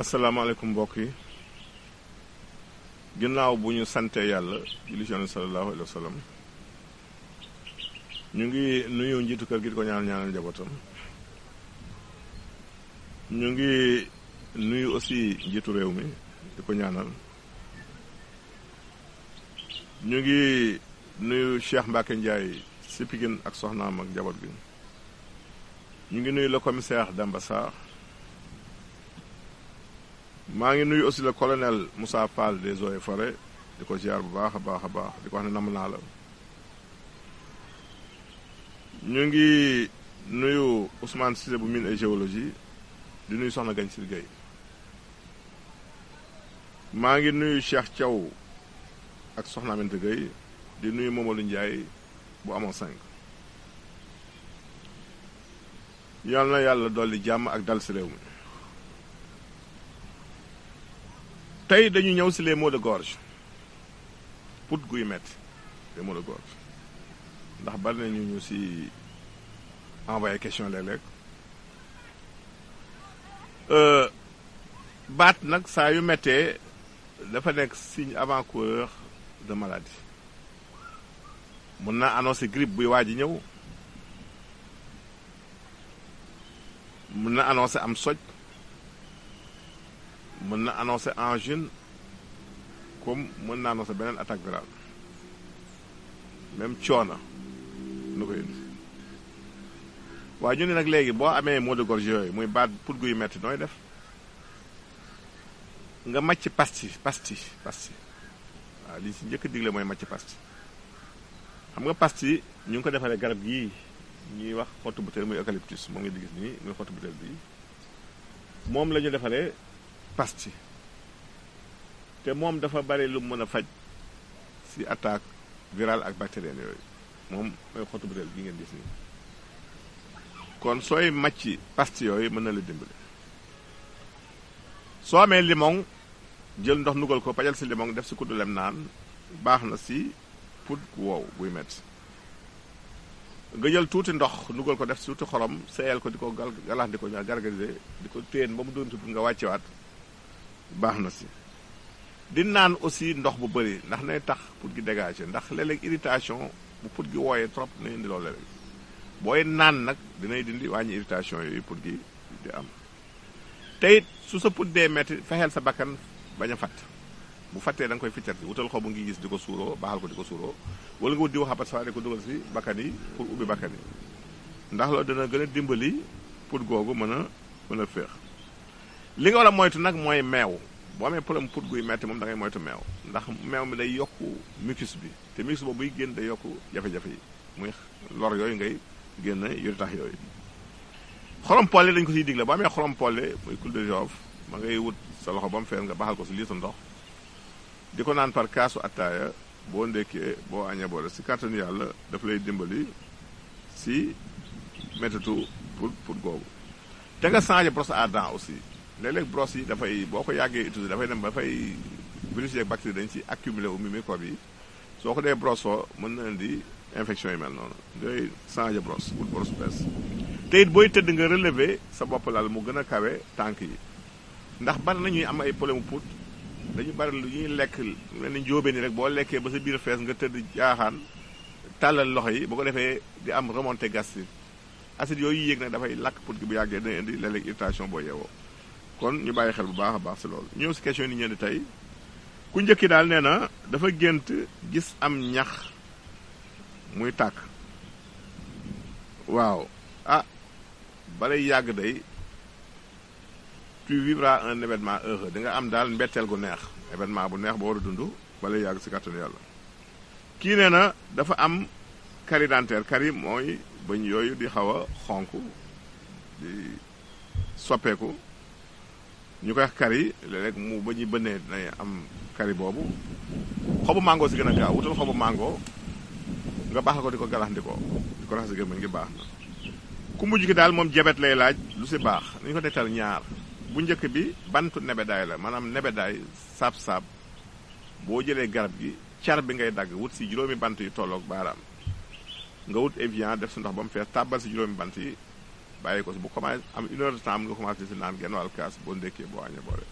asalaamaaleykum mbokk yi ginnaaw bu ñu santee yàlla julli ci yonent sallallahu ñu ngi nuyu njiitu kër gi di ko ñaanal ñu ngi nuyu aussi njiitu réew mi ko ñaanal ñu ngi nuyu Cheikh Mbacke Ndiaye si ak soxnaam ak njaboot gi ñu ngi nuyu le commissaire Damba maa ngi nuyu aussi le colonel Moussa Fall des eaux et forêts di ko ziar bu baax a baax a baax di ko wax ne nam naa la ñu ngi nuyu Ousmane Cissé bu mine et géologie di nuyu Soxna Gagne Sy Gueye maa ngi nuyu Cheikh Thiaw ak Soxna Aminata Gueye di nuyu Momadou Ndiaye bu amoon cinq yal na yàlla dolli jàmm ak dal si réew mi tey dañu ñëw si les maux de gorge put guy metti les maux de gorge ndax bari nañu ñu si envoyé question léeg-léeg euh, baat nag saa yu mettee dafa nekk signe avant-coureur de maladie mën na annoncer grippe buy waaj ñëw mun na annoncer am soj mën na annoncer jeune comme mën na annoncer une attaque virale même coono nu ko indi muy pour metti nooy def nga pasti pasti pasti waaw li ci njëkk digle mooy pasti xam nga pasti ñu ko garab gii ñuy wax xottu muy eucalyptus moom nga di gis muy pasti te moom dafa bari lu mën faj si attaque viral ak bactérienne yooyu moom mooy xotu butéel bi ngeen gis pasti kon sooy màcc past yooyu mën na la dimbali soo amee limon jël ndox nugal ko pajal si limon def si kuddulem naan si put wow buy metti nga jël tuuti ndox nugal ko def si tuuti xorom seeyal ko di ko gal galax di ko ñaar gargariser nga baax na si di naan aussi ndox bu bëri ndax nay tax pour gi dégager ndax léeg-léeg irritation bu pour gi wooyee trop na indi loolu léeg booy naan nag dinay dindi wàññi irritation yooyu pour gi di am tey su sa put dee metti fexeel sa bakkan bañ a fatt bu fattee da koy ficcat bi wutal xobu ngi gis di ko suuroo baaxal ko di ko suuroo wala nga wut diw xabat sax di ko dugal si bakkan yi pour ubbi bakkan yi ndax loolu dana gën a dimbali put googu mën a mën a féex li nga war a moytu nag mooy meew boo amee problème put guy metti moom dangay ngay moytu meew ndax meew mi day yokk mucus bi te mucus boobu buy génn day yokk jafe-jafe yi muy lor yooyu ngay génn yuri tax yooyu xorom polle dañu ko ciy digle boo amee xorom polle muy cul de Jove ma ngay wut sa loxo ba mu fees nga baxal ko si litre ndox di ko naan par kaasu attaaya boo ndekkee boo añee boole si kàttanu yàlla dafa lay dimbali si méttitu pour pour googu te nga changé brosse à dents aussi léeg-léeg brosse yi dafay boo ko yàggee utilisé dafay dem ba fay virus yi ak bactérie dañ ci accumulé wu microbe yi soo ko dee brosse foo mën na leen di infection yi mel noonu ngay changé brosse wut brosse bees te it booy tëdd nga relever sa bopp laal mu gën a kawe tànk yi ndax bari nañuy am ay problème pour dañu bari lu ñuy lekk mel ni njóobee ni rek boo lekkee ba sa biir fees nga tëdd jaaxaan tàllal loxo yi bu ko defee di am remontée gastrique acide yooyu yéeg nag dafay lakk pour bu yàggee dana indi léeg-léeg irritation boo yeewoo kon ñu bàyyi xel bu baax a baax ci loolu ñëw si question yi ñu di tey ku njëkki daal nee na dafa gént gis am ñax muy tàkk waaw a ah, balay yàgg day tu vivras un événement heureux di nga am daal mbetteel gu neex événement bu neex boo war a dund balay yàgg si kàttanu yàlla kii nee na dafa am carie dentaire carie mooy bëñ yooyu di xaw a xonk soppeeku ñu koy wax kari léeg-léeg mu ba ñu bënnee day am kari boobu xobu màngoo si gën a gaaw wutal xobu mango nga baax ko di ko galax di ko di ko raxas gémmiñ ngi baax na ku mujj gi daal moom jabet lay laaj lu si baax nañu ko tegtal ñaar bu njëkk bi bantu nebedaay la maanaam nebedaay saab-saab boo jëlee garab gi car bi ngay dagg wut si juróomi bant yi tolloog baaraam nga wut Evian def si ndox ba mu fees tàbbal si juróomi bant yi bàyyi ko si bu commencé am une heure de temps nga commencé si naan genn wàll kaas boo ndekkee boo añee boole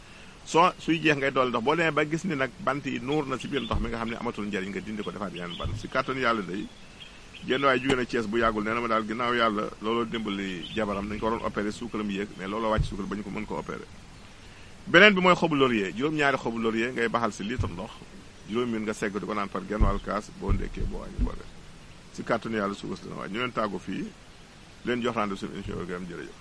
soo suy jeex ngay dol ndox boo demee ba gis ni nag bant yi nuur na si biir ndox mi nga xam ne amatul njëriñ nga dindi ko defaat yeneen bant si kàttan yàlla day génn waaye jógee na bu yàggul nee ma daal ginnaaw yàlla looloo dimbali jabaram dañ ko waroon opéré suukaram yéeg mais looloo wàcc suukar bañ ko mën ko opéré beneen bi mooy xobu laurier juróom-ñaari xobu laurier ngay baxal si litre ndox juróom min nga segg di ko naan par genn wàll kaas boo ndekkee boo añee boole si kàttan yàlla suukar si dana ñu leen tàggu fii leen jox rendez-vous suñu émission